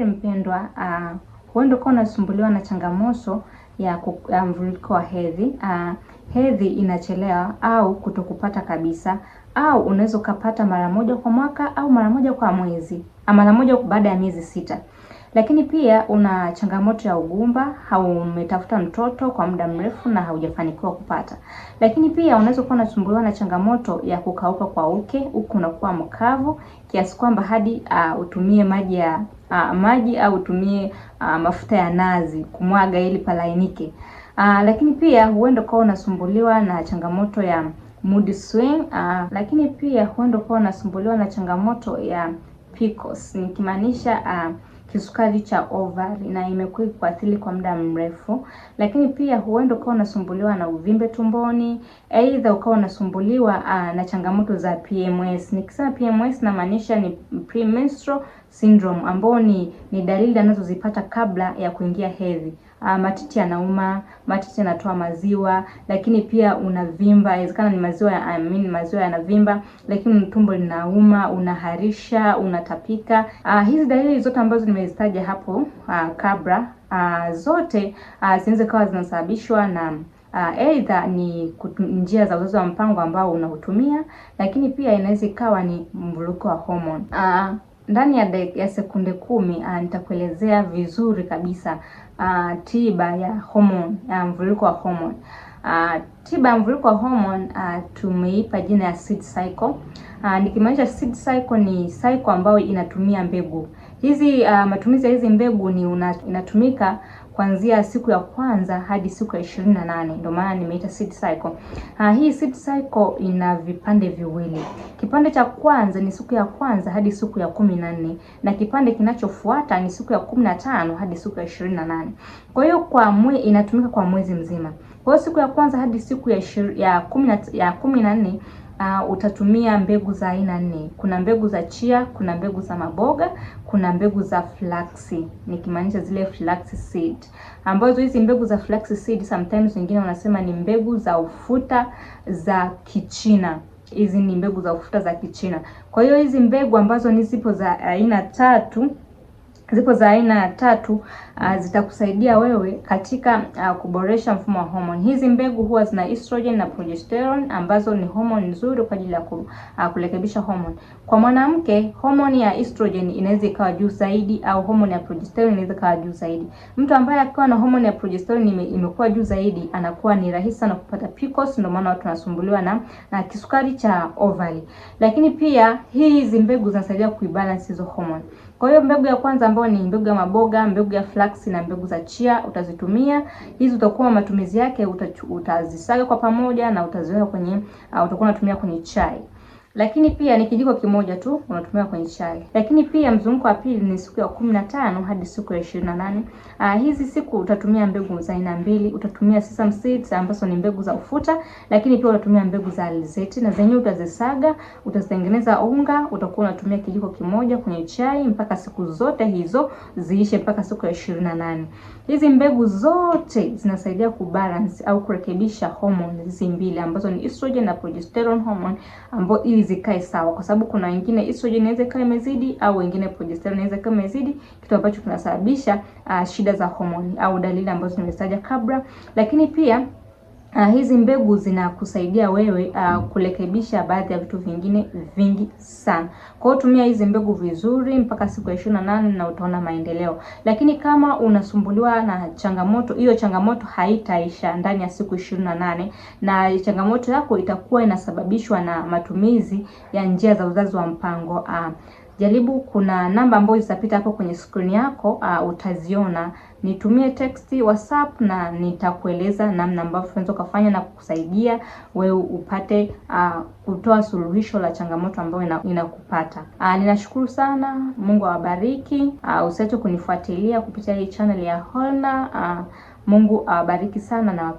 tafadhali mpendwa, ah, huenda uh, ukawa unasumbuliwa na changamoto ya uh, mvuliko wa hedhi uh, hedhi inachelewa au kutokupata kabisa, au unaweza ukapata mara moja kwa mwaka au mara moja kwa mwezi, mara moja baada ya miezi sita. Lakini pia una changamoto ya ugumba, haumetafuta mtoto kwa muda mrefu na haujafanikiwa kupata. Lakini pia unaweza kuwa unasumbuliwa na changamoto ya kukauka kwa uke, huku unakuwa mkavu kiasi kwamba hadi uh, utumie maji ya uh, maji au utumie uh, mafuta ya nazi kumwaga ili palainike. Uh, lakini pia huenda ukawa unasumbuliwa na changamoto ya mood swing uh, lakini pia huenda ukawa unasumbuliwa na changamoto ya PCOS nikimaanisha uh, kisukari cha ovari na imekuwa ikuathiri kwa muda mrefu, lakini pia huenda ukawa unasumbuliwa na uvimbe tumboni, aidha ukawa unasumbuliwa aa, ah, na changamoto za PMS. Nikisema PMS namaanisha ni premenstrual syndrome, ambao ni, ni dalili anazozipata kabla ya kuingia hedhi. Uh, matiti yanauma, matiti yanatoa maziwa, lakini pia unavimba. Inawezekana ni maziwa ya I mean, maziwa yanavimba, lakini tumbo linauma, unaharisha, unatapika. Uh, hizi dalili zote ambazo nime nimezitaja hapo uh, kabla uh, zote uh, zinaweza kawa zinasababishwa na uh, either ni njia za uzazi wa mpango ambao unahutumia, lakini pia inaweza ikawa ni mvuruko wa hormone. uh, ndani ya, de, ya sekunde kumi uh, nitakuelezea vizuri kabisa uh, tiba ya hormone ya mvuruko wa hormone. uh, tiba ya mvuruko wa hormone uh, tumeipa jina ya seed cycle uh, nikimaanisha seed cycle ni cycle ambayo inatumia mbegu Hizi uh, matumizi ya hizi mbegu ni una, inatumika kuanzia siku ya kwanza hadi siku ya ishirini na nane ndio maana nimeita seed cycle. Ha, ah, hii seed cycle ina vipande viwili. Kipande cha kwanza ni siku ya kwanza hadi siku ya kumi na nne na kipande kinachofuata ni siku ya kumi na tano hadi siku ya ishirini na nane Kwa hiyo kwa mwe, inatumika kwa mwezi mzima. Kwa hiyo siku ya kwanza hadi siku ya kumi na nne uh, utatumia mbegu za aina nne. Kuna mbegu za chia, kuna mbegu za maboga, kuna mbegu za flax, nikimaanisha zile flax seed, ambazo hizi mbegu za flax seed sometimes wengine wanasema ni mbegu za ufuta za Kichina. Hizi ni mbegu za ufuta za Kichina. Kwa hiyo hizi mbegu ambazo ni zipo za aina tatu zipo za aina ya tatu uh, zitakusaidia wewe katika uh, kuboresha mfumo wa homoni. Hizi mbegu huwa zina estrogen na progesterone ambazo ni homoni nzuri kwa ajili ya ku, uh, kurekebisha homoni. Kwa mwanamke homoni ya estrogen inaweza ikawa juu zaidi au homoni ya progesterone inaweza ikawa juu zaidi. Mtu ambaye akiwa na homoni ya progesterone ime, imekuwa juu zaidi anakuwa ni rahisi sana kupata PCOS, ndio maana watu wanasumbuliwa na, na kisukari cha ovary. Lakini pia hizi mbegu zinasaidia kuibalance hizo homoni. Kwa hiyo mbegu ya kwanza ambayo ni mbegu ya maboga, mbegu ya flax na mbegu za chia utazitumia. Hizi utakuwa matumizi yake utazisaga kwa pamoja na utaziweka kwenye uh, utakuwa unatumia kwenye chai lakini pia ni kijiko kimoja tu unatumia kwenye chai. Lakini pia mzunguko wa pili ni siku ya kumi na tano hadi siku ya ishirini na nane. Ah, hizi siku utatumia mbegu za aina mbili, utatumia sesame seeds ambazo ni mbegu za ufuta, lakini pia utatumia mbegu za alizeti, na zenyewe utazisaga, utazitengeneza unga, utakuwa unatumia kijiko kimoja kwenye chai mpaka siku zote hizo ziishe, mpaka siku ya ishirini na nane. Hizi mbegu zote zinasaidia kubalance au kurekebisha hormone hizi mbili ambazo ni estrogen na progesterone hormone ambayo ili zikae sawa, kwa sababu kuna wengine estrogen inaweza ikawa imezidi au wengine progesterone inaweza ikawa imezidi, kitu ambacho kinasababisha uh, shida za homoni au dalili ambazo nimezitaja kabla, lakini pia Uh, hizi mbegu zinakusaidia wewe uh, kurekebisha baadhi ya vitu vingine vingi sana. Kwa hiyo tumia hizi mbegu vizuri mpaka siku ya ishirini na nane na utaona maendeleo. Lakini kama unasumbuliwa na changamoto hiyo, changamoto haitaisha ndani ya siku ishirini na nane na changamoto yako itakuwa inasababishwa na matumizi ya njia za uzazi wa mpango uh, jaribu, kuna namba ambayo zitapita hapo kwenye skrini yako, uh, utaziona. Nitumie text, WhatsApp na nitakueleza namna ambavyo unaweza kufanya na kukusaidia wewe upate uh, kutoa suluhisho la changamoto ambayo inakupata. Ina uh, ninashukuru sana. Mungu awabariki. Uh, usiache kunifuatilia kupitia hii channel ya Holna Uh, Mungu awabariki sana na